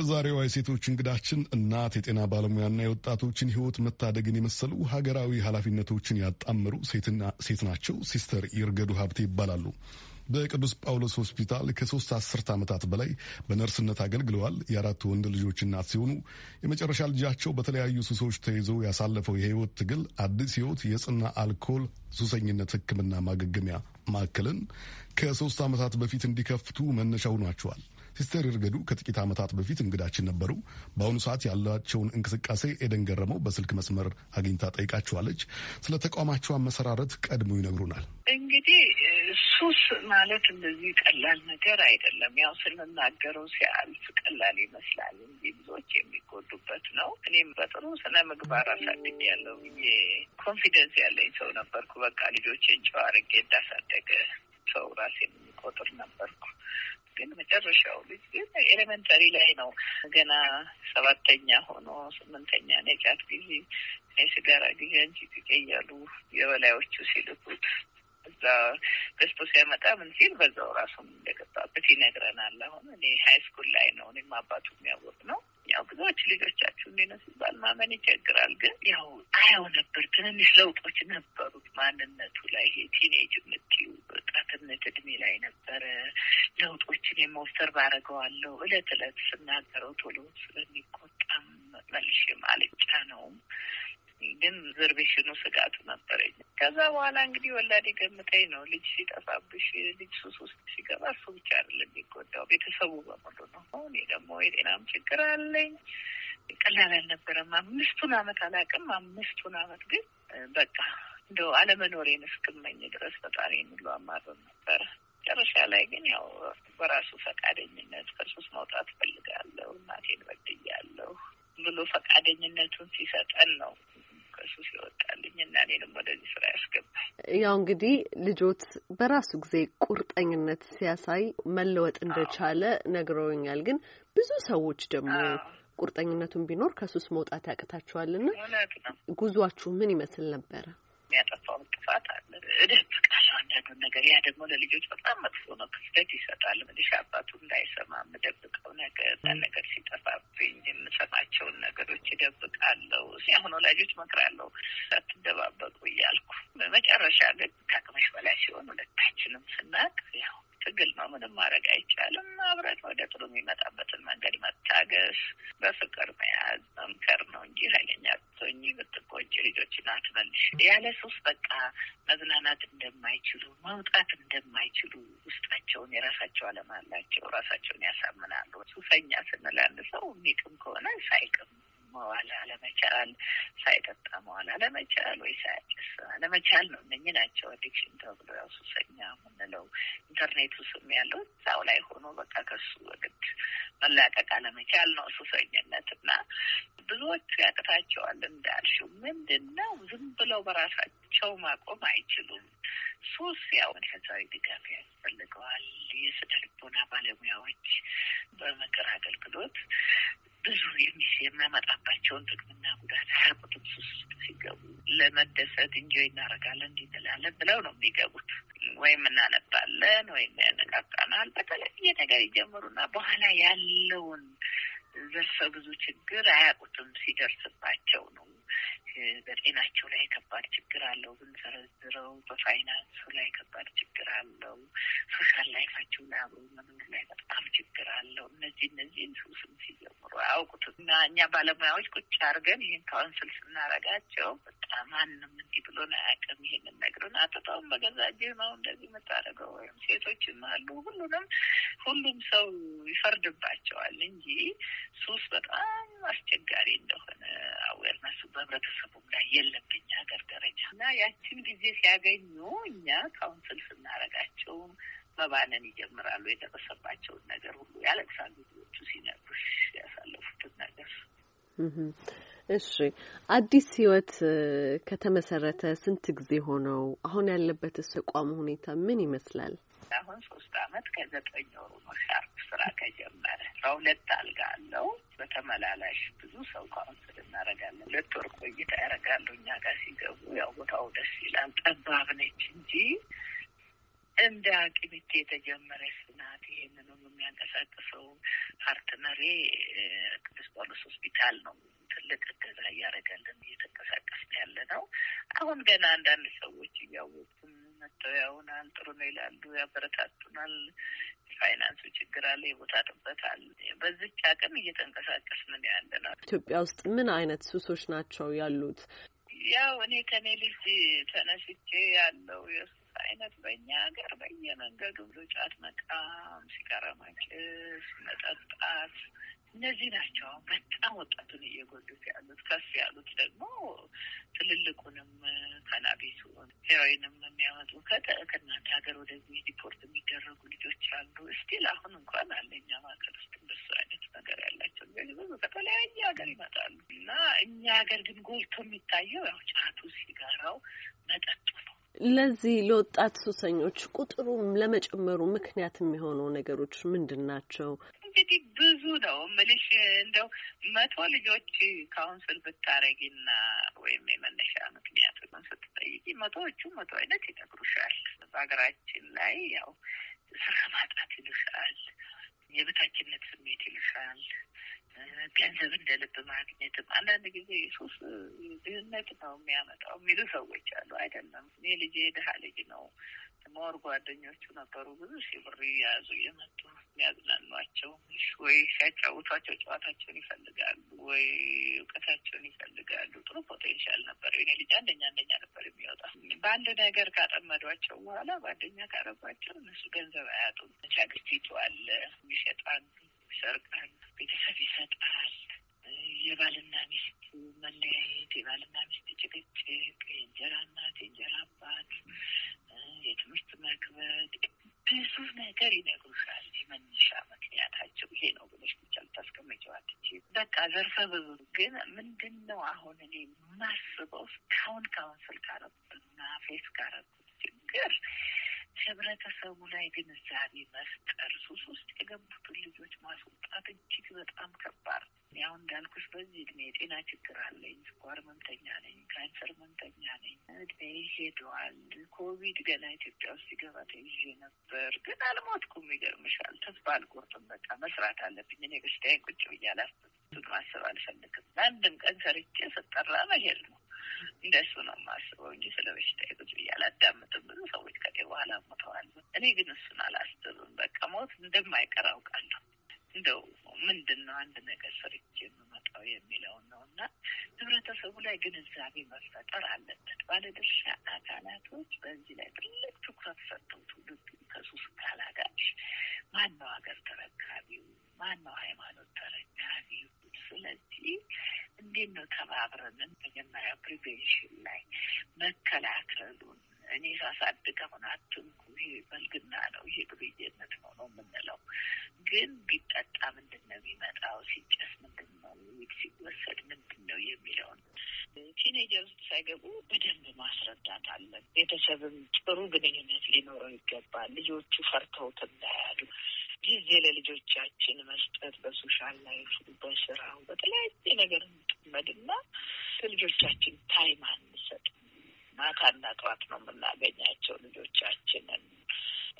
የዛሬዋ የሴቶች እንግዳችን እናት፣ የጤና ባለሙያና የወጣቶችን ሕይወት መታደግን የመሰሉ ሀገራዊ ኃላፊነቶችን ያጣመሩ ሴት ናቸው። ሲስተር ይርገዱ ሀብቴ ይባላሉ። በቅዱስ ጳውሎስ ሆስፒታል ከሶስት አስርት ዓመታት በላይ በነርስነት አገልግለዋል። የአራት ወንድ ልጆች እናት ሲሆኑ የመጨረሻ ልጃቸው በተለያዩ ሱሶች ተይዘው ያሳለፈው የህይወት ትግል አዲስ ህይወት የጽና አልኮል ሱሰኝነት ሕክምና ማገገሚያ ማዕከልን ከሶስት ዓመታት በፊት እንዲከፍቱ መነሻ ሆኗቸዋል። ሲስተር እርገዱ ከጥቂት ዓመታት በፊት እንግዳችን ነበሩ። በአሁኑ ሰዓት ያላቸውን እንቅስቃሴ ኤደን ገረመው በስልክ መስመር አግኝታ ጠይቃችኋለች። ስለ ተቋማቸው አመሰራረት ቀድሞ ይነግሩናል። እንግዲህ ሱስ ማለት እንደዚህ ቀላል ነገር አይደለም። ያው ስንናገረው ሲያልፍ ቀላል ይመስላል እንጂ ብዙዎች የሚጎዱበት ነው። እኔም በጥሩ ስነ ምግባር አሳድግ ያለው ብዬ ኮንፊደንስ ያለኝ ሰው ነበርኩ። በቃ ልጆቼን ጨዋ አድርጌ እንዳሳደገ ሰው ራሴን የሚቆጥር ነበርኩ። ግን መጨረሻው ልጅ ግን ኤሌመንተሪ ላይ ነው። ገና ሰባተኛ ሆኖ ስምንተኛ ነጫት ጊዜ የሲጋራ ጊዜ እንጂ እያሉ የበላዮቹ ሲልኩት እዛ ገዝቶ ሲያመጣ ምን ሲል በዛው ራሱም እንደገባበት ይነግረናል። አሁን እኔ ሀይ ስኩል ላይ ነው እኔም አባቱ የሚያወቅ ነው። ያው ብዙዎች ልጆቻችሁ እንዲነ ሲባል ማመን ይቸግራል። ግን ያው አያው ነበር ትንንሽ ለውጦች ነበሩት ማንነቱ ላይ ቲኔጅ የምትዩ በወጣትነት እድሜ ላይ ነበረ። ለውጦችን የመውሰር ባረገዋለሁ እለት እለት ስናገረው ቶሎ ስለሚቆጣም መልሽ ማልጫ ነው። ግን ዘርቤሽኑ ስጋቱ ነበረኝ። ከዛ በኋላ እንግዲህ ወላዴ ገምተኝ ነው ልጅ ሲጠፋብሽ፣ ልጅ ሱስ ውስጥ ሲገባ እሱ ብቻ አይደለም የሚጎዳው ቤተሰቡ በሙሉ ነው። እኔ ደግሞ የጤናም ችግር አለኝ። ቀላል አልነበረም። አምስቱን አመት አላውቅም። አምስቱን አመት ግን በቃ እንደ አለመኖሬ እስክመኝ ድረስ ፈጣሪ የሚሉ አማረም ነበረ። መጨረሻ ላይ ግን ያው በራሱ ፈቃደኝነት ከሱስ መውጣት ፈልጋለሁ እናቴን በድያለሁ ብሎ ፈቃደኝነቱን ሲሰጠን ነው ከሱስ ይወጣልኝ እና እኔንም ወደዚህ ስራ ያስገባል። ያው እንግዲህ ልጆት በራሱ ጊዜ ቁርጠኝነት ሲያሳይ መለወጥ እንደቻለ ነግረውኛል። ግን ብዙ ሰዎች ደግሞ ቁርጠኝነቱን ቢኖር ከሱስ መውጣት ያቅታችኋልና ጉዟችሁ ምን ይመስል ነበረ? የሚያጠፋውን ጥፋት አለ እድፍ ቃል አንዳንዱን ነገር ያ ደግሞ ለልጆች በጣም መጥፎ ነው። ክፍተት ይሰጣል። ምልሽ አባቱ እንዳይሰማ የምደብቀው ነገር ያ ነገር ሲጠፋብኝ የምሰማቸውን ነገሮች ይደብቃለሁ። አሁን ወላጆች እመክራለሁ አትደባበቁ እያልኩ መጨረሻ ግን ከአቅመሽ በላይ ሲሆን ሁለታችንም ስናቅ ያው ትግል ነው። ምንም ማድረግ አይቻልም። አብረን ወደ ጥሩ የሚመጣበትን መንገድ መታገስ፣ በፍቅር መያዝ፣ መምከር ነው እንጂ ኃይለኛ ልጆችን አትመልሽ። ያለ ሱስ በቃ መዝናናት እንደማይችሉ መውጣት እንደማይችሉ ውስጣቸውን የራሳቸው አለም አላቸው። ራሳቸውን ያሳምናሉ። ሱሰኛ ስንል አንድ ሰው የሚቅም ከሆነ ሳይቅም መዋል አለመቻል፣ ሳይጠጣ መዋል አለመቻል ወይ ሳያጭስ አለመቻል ነው። እነኝ ናቸው አዲክሽን ተብሎ ያው ሱሰኛ የምንለው ኢንተርኔቱ ስም ያለው እዛው ላይ ሆኖ በቃ ከሱ ወግድ መላቀቅ አለመቻል ነው ሱሰኝነት። እና ብዙዎቹ ያቅታቸዋል እንዳልሽው ምንድን ነው ዝም ብለው በራሳቸው ማቆም አይችሉም። ሱስ ያው መንፈሳዊ ድጋፍ ያስፈልገዋል። የስነ ልቦና ባለሙያዎች በምክር አገልግሎት ብዙ የሚያመጣባቸውን ጥቅምና ጉዳት አያውቁትም። ሱስ ሲገቡ ለመደሰት እንጆይ እናደርጋለን እንዲንላለን ብለው ነው የሚገቡት። ወይም እናነባለን ወይም ያነቃቃናል፣ በተለያየ ነገር ይጀምሩና በኋላ ያለውን ዘርፈ ብዙ ችግር አያውቁትም። ሲደርስባቸው ነው። በጤናቸው ላይ ከባድ ችግር አለው ብንዘረዝረው፣ በፋይናንሱ ላይ ከባድ ችግር አለው። እና አብሮኛ መንግስት ላይ በጣም ችግር አለው። እነዚህ እነዚህ ስም ሲጀምሩ አያውቁትም እና እኛ ባለሙያዎች ቁጭ አድርገን ይህን ካውንስል ስናረጋቸው በጣም ማንም እንዲህ ብሎን አያውቅም። ይህንን ነግረን አጥታውን በገዛ እጅህ ነው እንደዚህ የምታደርገው ወይም ሴቶችም አሉ ሁሉንም ሁሉም ሰው ይፈርድባቸዋል እንጂ ሱስ በጣም አስቸጋሪ እንደሆነ አዌርነሱ በህብረተሰቡም ላይ የለብኝ ሀገር ደረጃ እና ያችን ጊዜ ሲያገኙ እኛ ካውንስል ስናረጋቸውም መባነን ይጀምራሉ። የደረሰባቸውን ነገር ሁሉ ያለቅሳሉ። ልጆቹ ሲነግሩሽ ያሳለፉትን ነገር። እሺ፣ አዲስ ህይወት ከተመሰረተ ስንት ጊዜ ሆነው? አሁን ያለበትስ ተቋሙ ሁኔታ ምን ይመስላል? አሁን ሶስት አመት ከዘጠኝ ወሩ ነው ሻርፕ ስራ ከጀመረ። በሁለት አልጋ አለው። በተመላላሽ ብዙ ሰው ካውንስል እናደርጋለን። ሁለት ወር ቆይታ ያደርጋሉ። እኛ ጋር ሲገቡ ያው ቦታው ደስ ይላል። ጠባብ ነች እንጂ እንደ አቅሚቴ የተጀመረች ናት። ይህንንም የሚያንቀሳቅሰው ፓርትነሬ ቅዱስ ጳውሎስ ሆስፒታል ነው። ትልቅ እገዛ እያደረገልን እየተንቀሳቀስ ያለ ነው። አሁን ገና አንዳንድ ሰዎች እያወቁም መጥተው ያውናል፣ ጥሩ ነው ይላሉ፣ ያበረታቱናል። የፋይናንሱ ችግር አለ፣ የቦታ ጥበት አለ። በዚች አቅም እየተንቀሳቀስን ነው ያለ ነው። ኢትዮጵያ ውስጥ ምን አይነት ሱሶች ናቸው ያሉት? ያው እኔ ከኔ ልጅ ተነስቼ ያለው የሱ አይነት በእኛ ሀገር በየመንገዱ ጫት መቃም፣ ሲጋራ ማጨስ፣ መጠጣት እነዚህ ናቸው አሁን በጣም ወጣቱን እየጎዱት ያሉት። ከፍ ያሉት ደግሞ ትልልቁንም ከናቤቱን ሄሮይንም የሚያመጡ ከእናንተ ሀገር ወደዚህ ዲፖርት የሚደረጉ ልጆች አሉ። እስቲል አሁን እንኳን አለኛ ማዕከል ውስጥ እንደሱ አይነት ነገር ያላቸው ልጆች ብዙ ከተለያየ ሀገር ይመጣሉ እና እኛ ሀገር ግን ጎልቶ የሚታየው ያው ጫቱ፣ ሲጋራው፣ መጠጥ ለዚህ ለወጣት ሱሰኞች ቁጥሩ ለመጨመሩ ምክንያት የሚሆነው ነገሮች ምንድን ናቸው? እንግዲህ ብዙ ነው ምልሽ እንደው መቶ ልጆች ካውንስል ብታረጊና ወይም የመነሻ ምክንያቱን ስትጠይቂ መቶዎቹ መቶ አይነት ይነግሩሻል። በሀገራችን ላይ ያው ስራ ማጣት ይሉሻል፣ የበታችነት ስሜት ይሉሻል ገንዘብ እንደ ልብ ማግኘትም አንዳንድ ጊዜ ሱስ ድህነት ነው የሚያመጣው የሚሉ ሰዎች አሉ። አይደለም እኔ ልጅ ድሀ ልጅ ነው መወር ጓደኞቹ ነበሩ ብዙ ሺ ብር የያዙ እየመጡ የሚያዝናኗቸው ወይ ሲያጫውቷቸው ጨዋታቸውን ይፈልጋሉ ወይ እውቀታቸውን ይፈልጋሉ። ጥሩ ፖቴንሻል ነበር። የእኔ ልጅ አንደኛ አንደኛ ነበር የሚወጣ። በአንድ ነገር ካጠመዷቸው በኋላ በአንደኛ ካረባቸው እነሱ ገንዘብ አያጡም። ቻግስቲቱ አለ የሚሸጣሉ ሰርቀን ቤተሰብ ይሰጣል። የባልና ሚስት መለያየት፣ የባልና ሚስት ጭቅጭቅ፣ የእንጀራ እናት፣ የእንጀራ አባት፣ የትምህርት መክበድ፣ ብዙ ነገር ይነግሩሻል። የመነሻ ምክንያታቸው ይሄ ነው ብለሽ ብቻ ልታስቀምጪው አትችይም። በቃ ዘርፈ ብዙ ግን ምንድን ነው አሁን እኔ ማስበው እስካሁን ካውንስል ካረጉትና ፌስ ካረጉት ችግር ህብረተሰቡ ላይ ግንዛቤ መፍጠር ሱስ ውስጥ የገቡት ልጆች ማስወጣት እጅግ በጣም ከባድ ያው እንዳልኩሽ በዚህ እድሜ የጤና ችግር አለኝ። ስኳር ህመምተኛ ነኝ። ካንሰር ህመምተኛ ነኝ። እድሜ ሄደዋል። ኮቪድ ገና ኢትዮጵያ ውስጥ ሲገባ ተይዤ ነበር፣ ግን አልሞትኩም። ይገርምሻል። ተስፋ አልቆርጥም። በቃ መስራት አለብኝ። እኔ በሽታዬን ቁጭ ብዬ አላስብም፣ ማሰብ አልፈልግም። አንድም ቀን ሰርቼ ስጠራ መሄድ ነው። እንደሱ ነው የማስበው እንጂ ስለ በሽታዬ ቁጭ ብዬ አላዳምጥም። ብዙ ሰዎች ከጤ በኋላ ሞተዋል። እኔ ግን እሱን አላስብም። በቃ ሞት እንደማይቀር አውቃለሁ። እንደው ምንድን ነው አንድ ነገር ሰርቼ የምመጣው የሚለውን ነው እና ህብረተሰቡ ላይ ግንዛቤ መፈጠር አለበት። ባለድርሻ አካላቶች በዚህ ላይ ትልቅ ትኩረት ሰጥተው ትውልዱ ከሱስ ካላጋች ማነው ሀገር ተረካቢው? ማነው ሃይማኖት ተረካቢው? ስለዚህ እንዴት ነው ተባብረንን መጀመሪያ ፕሪቬንሽን ላይ መከላከሉን እኔ ሳሳድግ አሁን አትንኩ ይሄ በልግና ነው ይሄ ግብይነት ነው ነው የምንለው። ግን ቢጠጣ ምንድን ነው የሚመጣው? ሲጨስ ምንድን ነው? ሲወሰድ ምንድን ነው የሚለውን ቲኔጀር ውስጥ ሳይገቡ በደንብ ማስረዳት አለን። ቤተሰብም ጥሩ ግንኙነት ሊኖረው ይገባል። ልጆቹ ፈርተውት እንዳያሉ ጊዜ ለልጆቻችን መስጠት በሶሻል ላይፍ፣ በስራው፣ በተለያየ ነገር እንጥመድና ለልጆቻችን ታይም አንሰጥ ማታና ጠዋት ነው የምናገኛቸው ልጆቻችንን።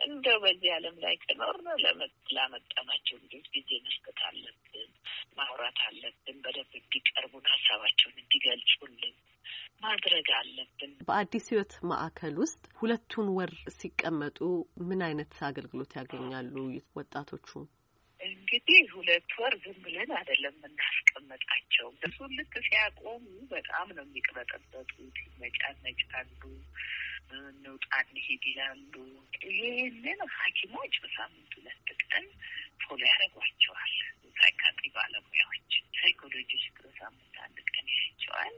እንደው በዚህ ዓለም ላይ ከኖርን ላመጣናቸው ልጆች ጊዜ መስጠት አለብን፣ ማውራት አለብን፣ በደንብ እንዲቀርቡን፣ ሀሳባቸውን እንዲገልጹልን ማድረግ አለብን። በአዲስ ሕይወት ማዕከል ውስጥ ሁለቱን ወር ሲቀመጡ ምን አይነት አገልግሎት ያገኛሉ ወጣቶቹ? እንግዲህ ሁለት ወር ዝም ብለን አይደለም የምናስቀመጣቸው። እሱ ልክ ሲያቆሙ በጣም ነው የሚቅበጠበጡት። ይመጫነጫሉ፣ እንውጣ እንሄድ ይላሉ። ይህንን ሐኪሞች በሳምንት ሁለት ቀን ፎሎ ያደርጓቸዋል። ሳይካትሪ ባለሙያዎች፣ ሳይኮሎጂስት በሳምንት አንድ ቀን ያቸዋል።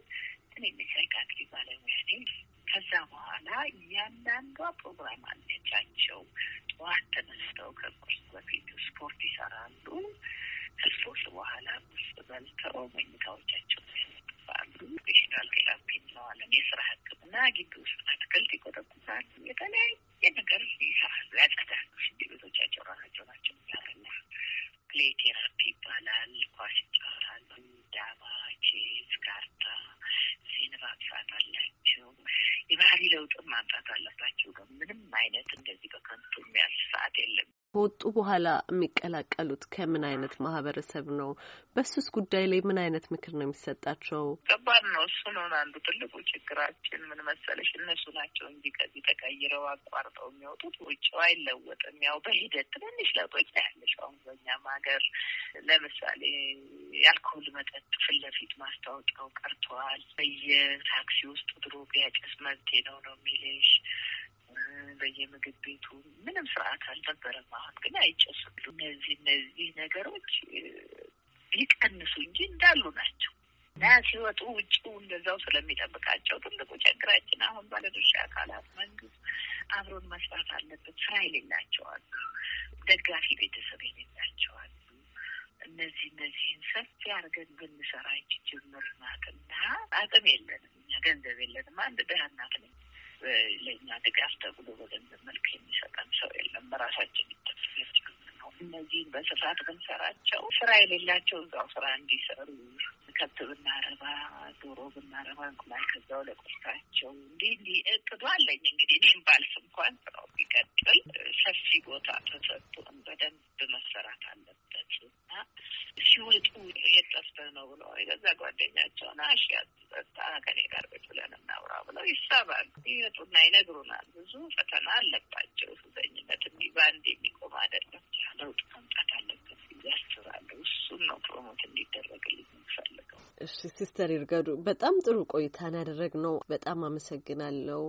እኔ የሳይካትሪ ባለሙያ ነኝ። ከዛ በኋላ እያንዳንዷ ፕሮግራም አለቻቸው። ጠዋት ተነስተው ከቁርስ አብረው መኝታዎቻቸው ያሉ ፔሽናል ክላፕ እንለዋለን። የስራ ሕክምና ግቢ ውስጥ አትክልት ይቆጠቁታል። የተለያየ ነገር ይሰራሉ፣ ያጸዳሉ። ሽንት ቤቶቻቸው ራሳቸው ናቸው ያረና ፕሌ ቴራፒ ይባላል። ኳስ ይጫወታሉ። ዳባ፣ ቼዝ፣ ካርታ፣ ሴንባ ብዛት አላቸው። የባህሪ ለውጥ ማምጣት አለባቸው። ምንም አይነት እንደዚህ በከንቱ የሚያልፍ ሰዓት የለም። ከወጡ በኋላ የሚቀላቀሉት ከምን አይነት ማህበረሰብ ነው? በሱስ ጉዳይ ላይ ምን አይነት ምክር ነው የሚሰጣቸው? ከባድ ነው። እሱ ነው አንዱ ትልቁ ችግራችን። ምን መሰለሽ፣ እነሱ ናቸው እንጂ ከዚህ ተቀይረው አቋርጠው የሚወጡት። ውጭው አይለወጥም። ያው በሂደት ትንንሽ ለውጦች ያለሽ አሁን በእኛም ሀገር ለምሳሌ የአልኮል መጠጥ ፊት ለፊት ማስታወቂያው ቀርተዋል። በየታክሲ ውስጥ ድሮ ቢያጨስ መብቴ ነው ነው የሚልሽ በየምግብ ቤቱ ምንም ስርዓት አልነበረም። አሁን ግን አይጨስም። እነዚህ እነዚህ ነገሮች ሊቀንሱ እንጂ እንዳሉ ናቸው እና ሲወጡ ውጭው እንደዛው ስለሚጠብቃቸው ትልቁ ችግራችን አሁን ባለድርሻ አካላት፣ መንግስት አብሮን መስራት አለበት። ስራ የሌላቸዋሉ፣ ደጋፊ ቤተሰብ የሌላቸዋሉ። እነዚህ እነዚህን ሰፊ አድርገን ብንሰራ ጅምር ናት እና አቅም የለንም፣ ገንዘብ የለንም። አንድ ደህና ለእኛ ድጋፍ ተብሎ በገንዘብ መልክ የሚሰጠን ሰው የለም። በራሳችን ነው። እነዚህ በስፋት ብንሰራቸው ስራ የሌላቸው እዛው ስራ እንዲሰሩ ከብት ብናረባ፣ ዶሮ ብናረባ፣ እንቁላል ከዛው ለቁርሳቸው እንዲህ እንዲህ እቅዱ አለኝ እንግዲህ እኔም ባልፍ እንኳን ስራው ቢቀጥል ሰፊ ቦታ ተሰጥቶን በደንብ መሰራት አለበት እና ሲወጡ የጠፍተ ነው ብለው የገዛ ጓደኛቸውን አሽያ ይመጡና ይነግሩናል። ብዙ ፈተና አለባቸው። ሱሰኝነት ባንድ በአንድ የሚቆም አይደለም። ለውጥ መምጣት አለበት ያስራለ እሱን ነው ፕሮሞት እንዲደረግልኝ የምፈልገው። እሺ ሲስተር ይርገዱ፣ በጣም ጥሩ ቆይታን ያደረግ ነው። በጣም አመሰግናለሁ።